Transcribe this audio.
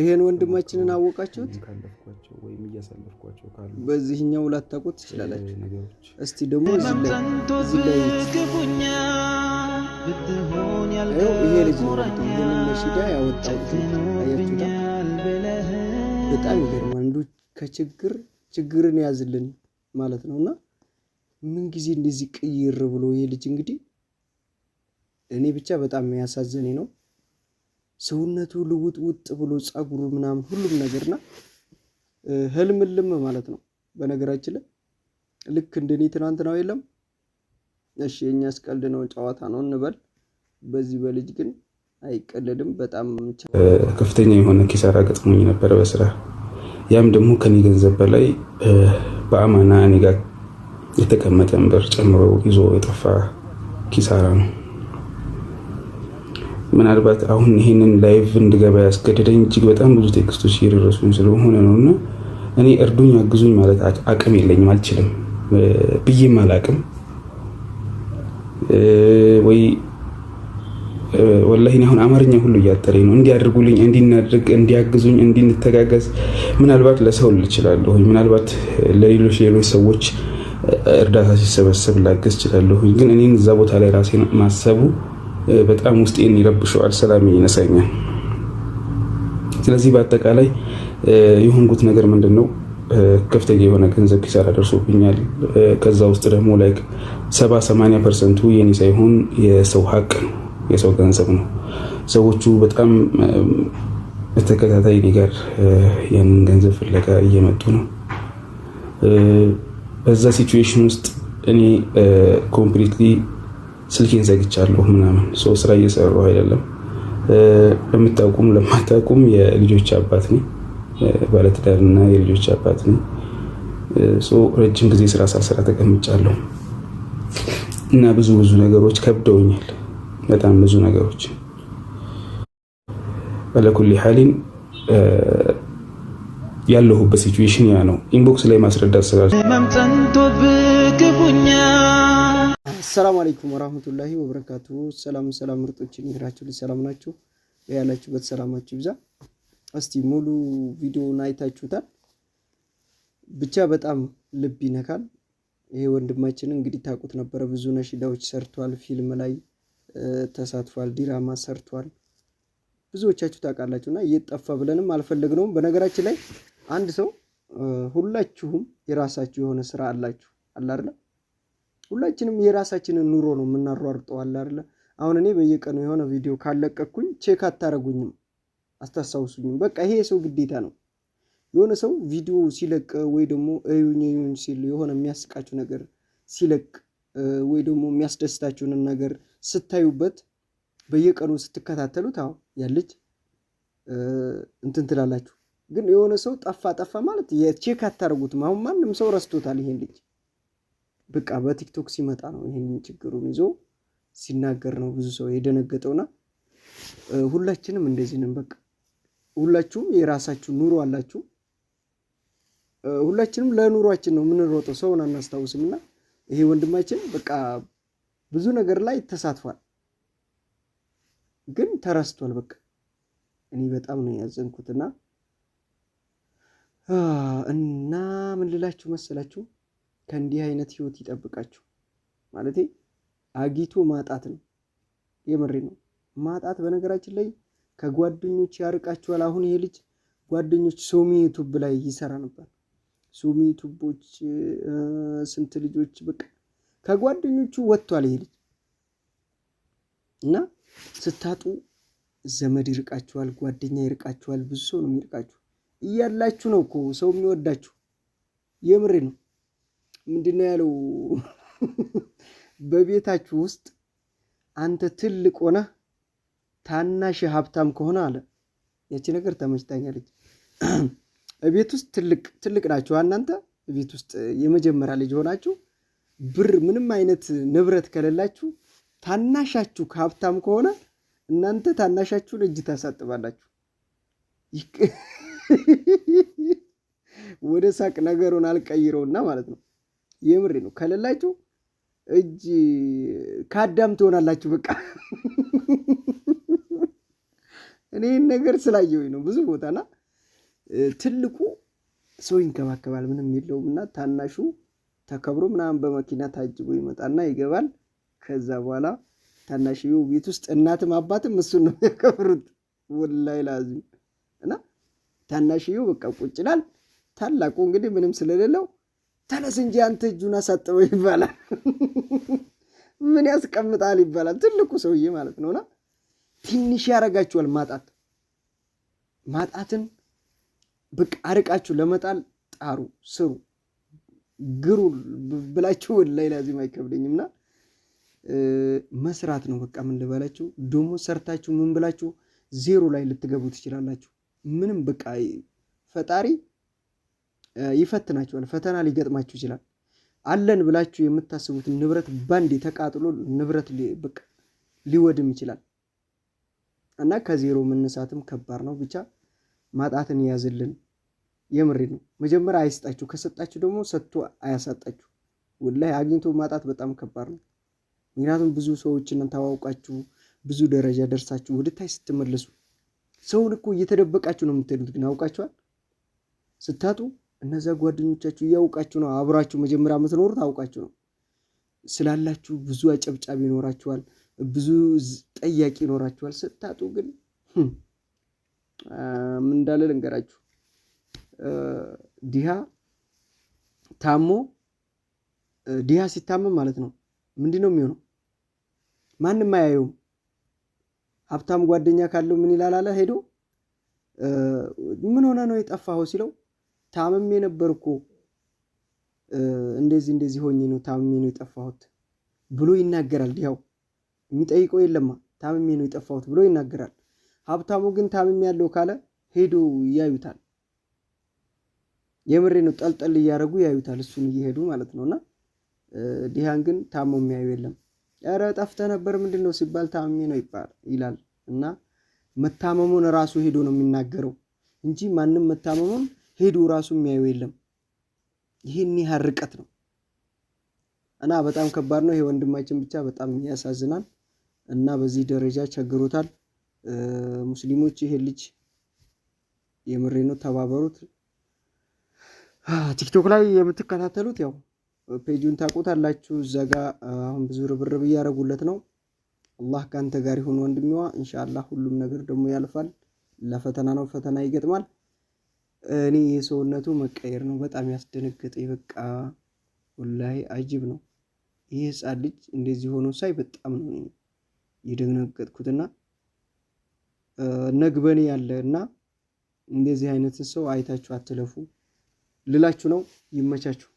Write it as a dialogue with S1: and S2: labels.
S1: ይሄን ወንድማችንን አወቃችሁት? በዚህኛው ላታውቁት ትችላላችሁ። እስቲ ደግሞ እዚህ ላይ ይሄ ልጅ ይህንን ነሺዳ ያወጣው አያችሁታ። በጣም ይገርማል። አንዱ ከችግር ችግርን ያዝልን ማለት ነው እና ምን ጊዜ እንደዚህ ቅይር ብሎ ይሄ ልጅ እንግዲህ እኔ ብቻ በጣም ያሳዘኔ ነው። ሰውነቱ ልውጥ ውጥ ብሎ ፀጉሩ ምናምን ሁሉም ነገርና ህልምልም ማለት ነው። በነገራችን ላይ ልክ እንደኔ ትናንትናው የለም። እሺ የኛ አስቀልድ ነው ጨዋታ ነው እንበል። በዚህ በልጅ ግን አይቀለድም። በጣም
S2: ከፍተኛ የሆነ ኪሳራ ገጥሞኝ ነበረ በስራ ያም ደግሞ ከኔ ገንዘብ በላይ በአማና እኔ ጋር የተቀመጠን ብር ጨምሮ ይዞ የጠፋ ኪሳራ ነው። ምናልባት አሁን ይሄንን ላይቭ እንድገባ ያስገደደኝ እጅግ በጣም ብዙ ቴክስቶች እየደረሱኝ ስለሆነ ነው እና እኔ እርዱኝ አግዙኝ ማለት አቅም የለኝም፣ አልችልም ብዬም አላቅም ወይ ወላሂ አሁን አማርኛ ሁሉ እያጠረኝ ነው። እንዲያደርጉልኝ፣ እንዲናድርግ፣ እንዲያግዙኝ፣ እንዲንተጋገዝ ምናልባት ለሰው ልችላለሁ። ምናልባት ለሌሎች ሌሎች ሰዎች እርዳታ ሲሰበሰብ ላገዝ ችላለሁ ግን እኔን እዛ ቦታ ላይ ራሴ ማሰቡ በጣም ውስጤን ይረብሸዋል፣ ሰላም ይነሳኛል። ስለዚህ በአጠቃላይ የሆንኩት ነገር ምንድን ነው? ከፍተኛ የሆነ ገንዘብ ኪሳራ ደርሶብኛል። ከዛ ውስጥ ደግሞ ላይክ ሰባ ሰማንያ ፐርሰንቱ የኔ ሳይሆን የሰው ሀቅ ነው፣ የሰው ገንዘብ ነው። ሰዎቹ በጣም በተከታታይ እኔ ጋር ያንን ገንዘብ ፍለጋ እየመጡ ነው። በዛ ሲቹዌሽን ውስጥ እኔ ኮምፕሊትሊ ስልኬን ዘግቻለሁ ምናምን ስራ እየሰሩ አይደለም። ለምታውቁም ለማታውቁም የልጆች አባት ነኝ፣ ባለትዳርና የልጆች አባት ነኝ። ረጅም ጊዜ ስራ ሳልሰራ ተቀምጫለሁ እና ብዙ ብዙ ነገሮች ከብደውኛል። በጣም ብዙ ነገሮች አለኩል ሀሊን ያለሁበት ሲቹዌሽን ያ ነው። ኢንቦክስ ላይ ማስረዳት ስራ
S1: አሰላሙ አለይኩም ወራህመቱላሂ ወበረካቱ። ሰላም ሰላም ምርጦች የሚራችሁ ሰላም ናችሁ ያላችሁበት ሰላማችሁ ይብዛ። እስቲ ሙሉ ቪዲዮን አይታችሁታል። ብቻ በጣም ልብ ይነካል። ይሄ ወንድማችን እንግዲህ ታውቁት ነበረ። ብዙ ነሽዳዎች ሰርቷል፣ ፊልም ላይ ተሳትፏል፣ ዲራማ ሰርቷል። ብዙዎቻችሁ ታውቃላችሁ እና እየጠፋ ብለንም አልፈለግነውም። በነገራችን ላይ አንድ ሰው ሁላችሁም የራሳችሁ የሆነ ስራ አላችሁ አለ ሁላችንም የራሳችንን ኑሮ ነው የምናሯርጠው አለ አይደለ? አሁን እኔ በየቀኑ የሆነ ቪዲዮ ካለቀኩኝ ቼክ አታረጉኝም፣ አስታስታውሱኝም። በቃ ይሄ የሰው ግዴታ ነው። የሆነ ሰው ቪዲዮ ሲለቅ ወይ ደግሞ እዩኝ እዩኝ ሲል የሆነ የሚያስቃችሁ ነገር ሲለቅ ወይ ደግሞ የሚያስደስታችሁንን ነገር ስታዩበት በየቀኑ ስትከታተሉት አዎ ያለች እንትን ትላላችሁ። ግን የሆነ ሰው ጠፋ ጠፋ ማለት ቼክ አታደርጉትም። አሁን ማንም ሰው ረስቶታል ይሄን ልጅ። በቃ በቲክቶክ ሲመጣ ነው ይሄን ችግሩን ይዞ ሲናገር ነው ብዙ ሰው የደነገጠውና ሁላችንም እንደዚህ ነን። በቃ ሁላችሁም የራሳችሁ ኑሮ አላችሁ። ሁላችንም ለኑሯችን ነው የምንሮጠው፣ ሰውን አናስታውስም። እና ይሄ ወንድማችን በቃ ብዙ ነገር ላይ ተሳትፏል፣ ግን ተረስቷል። በቃ እኔ በጣም ነው ያዘንኩትና እና ምን ልላችሁ መሰላችሁ ከእንዲህ አይነት ህይወት ይጠብቃችሁ። ማለቴ አጊቶ ማጣት ነው፣ የምሬ ነው። ማጣት በነገራችን ላይ ከጓደኞች ያርቃችኋል። አሁን ይሄ ልጅ ጓደኞች ሶሚ ዩቱብ ላይ ይሰራ ነበር። ሶሚ ዩቱቦች ስንት ልጆች በቃ ከጓደኞቹ ወጥቷል ይሄ ልጅ እና ስታጡ ዘመድ ይርቃችኋል፣ ጓደኛ ይርቃችኋል፣ ብዙ ሰው ነው የሚርቃችሁ። እያላችሁ ነው እኮ ሰው የሚወዳችሁ የምሬ ነው። ምንድነው ያለው? በቤታችሁ ውስጥ አንተ ትልቅ ሆነ ታናሽ ሀብታም ከሆነ አለ። ያቺ ነገር ተመችታኛለች። ቤት ውስጥ ትልቅ ትልቅ ናችሁ እናንተ ቤት ውስጥ የመጀመሪያ ልጅ ሆናችሁ ብር ምንም አይነት ንብረት ከሌላችሁ ታናሻችሁ ከሀብታም ከሆነ እናንተ ታናሻችሁን እጅ ታሳጥባላችሁ። ወደ ሳቅ ነገሩን አልቀይረውና ማለት ነው። የምሬ ነው። ከሌላችሁ እጅ ከአዳም ትሆናላችሁ። በቃ እኔ ነገር ስላየሁኝ ነው ብዙ ቦታና ትልቁ ሰው ይንከባከባል ምንም የለውም እና ታናሹ ተከብሮ ምናምን በመኪና ታጅቦ ይመጣና ይገባል። ከዛ በኋላ ታናሽየው ቤት ውስጥ እናትም አባትም እሱን ነው ያከብሩት። ወላይ ላዚም እና ታናሽየው በቃ ቁጭ ይላል። ታላቁ እንግዲህ ምንም ስለሌለው ተነስ እንጂ አንተ እጁን አሳጥበው ይባላል። ምን ያስቀምጣል ይባላል። ትልቁ ሰውዬ ማለት ነውና ትንሽ ያደርጋችኋል። ማጣት ማጣትን ብቅ አርቃችሁ ለመጣል ጣሩ፣ ስሩ፣ ግሩ ብላችሁ ላይ ላዚም አይከብደኝምና መስራት ነው። በቃ ምን ልበላችሁ ደግሞ ሰርታችሁ ምን ብላችሁ ዜሮ ላይ ልትገቡ ትችላላችሁ። ምንም በቃ ፈጣሪ ይፈትናቸዋል። ፈተና ሊገጥማችሁ ይችላል። አለን ብላችሁ የምታስቡት ንብረት ባንዴ ተቃጥሎ ንብረት ሊወድም ይችላል እና ከዜሮ መነሳትም ከባድ ነው። ብቻ ማጣትን ያዝልን። የምሬ ነው። መጀመሪያ አይስጣችሁ፣ ከሰጣችሁ ደግሞ ሰጥቶ አያሳጣችሁ። ወላሂ አግኝቶ ማጣት በጣም ከባድ ነው። ምክንያቱም ብዙ ሰዎችን ታዋውቃችሁ፣ ብዙ ደረጃ ደርሳችሁ ወደታች ስትመለሱ ሰውን እኮ እየተደበቃችሁ ነው የምትሄዱት። ግን አውቃችኋል ስታጡ እነዚያ ጓደኞቻችሁ እያውቃችሁ ነው። አብራችሁ መጀመሪያ የምትኖሩት አውቃችሁ ነው ስላላችሁ ብዙ አጨብጫቢ ይኖራችኋል፣ ብዙ ጠያቂ ይኖራችኋል። ስታጡ ግን ምን እንዳለ ልንገራችሁ። ዲሃ ታሞ ዲሃ ሲታመም ማለት ነው ምንድን ነው የሚሆነው? ማንም አያየውም። ሀብታም ጓደኛ ካለው ምን ይላል አለ ሄዶ ምን ሆነ ነው የጠፋኸው ሲለው ታምሜ ነበር እኮ እንደዚህ እንደዚህ ሆኜ ነው ታምሜ ነው የጠፋሁት ብሎ ይናገራል። ድሃው የሚጠይቀው የለማ ታምሜ ነው የጠፋሁት ብሎ ይናገራል። ሀብታሙ ግን ታምሜ ያለው ካለ ሄዶ ያዩታል። የምሬ ነው ጠልጠል እያደረጉ ያዩታል፣ እሱን እየሄዱ ማለት ነው። እና ግን ታሞ የሚያዩ የለም። ኧረ ጠፍተህ ነበር ምንድን ነው ሲባል ታምሜ ነው ይባል ይላል እና መታመሙን ራሱ ሄዶ ነው የሚናገረው እንጂ ማንም መታመሙን ሄዶ ራሱ የሚያዩ የለም። ይህን ያህል ርቀት ነው እና በጣም ከባድ ነው። ይሄ ወንድማችን ብቻ በጣም ያሳዝናል እና በዚህ ደረጃ ቸግሮታል። ሙስሊሞች ይሄ ልጅ የምሬ ነው ተባበሩት። ቲክቶክ ላይ የምትከታተሉት ያው ፔጁን ታውቁታላችሁ። እዛ ጋ አሁን ብዙ ርብርብ እያደረጉለት ነው። አላህ ከአንተ ጋር ይሁን ወንድሜዋ። እንሻላ ሁሉም ነገር ደግሞ ያልፋል። ለፈተና ነው፣ ፈተና ይገጥማል። እኔ የሰውነቱ መቀየር ነው በጣም ያስደነገጠኝ። በቃ ወላሂ አጅብ ነው። ይህ ህፃን ልጅ እንደዚህ ሆኖ ሳይ በጣም ነው የደነገጥኩትና ነግበኔ ያለ እና እንደዚህ አይነትን ሰው አይታችሁ አትለፉ ልላችሁ ነው። ይመቻችሁ።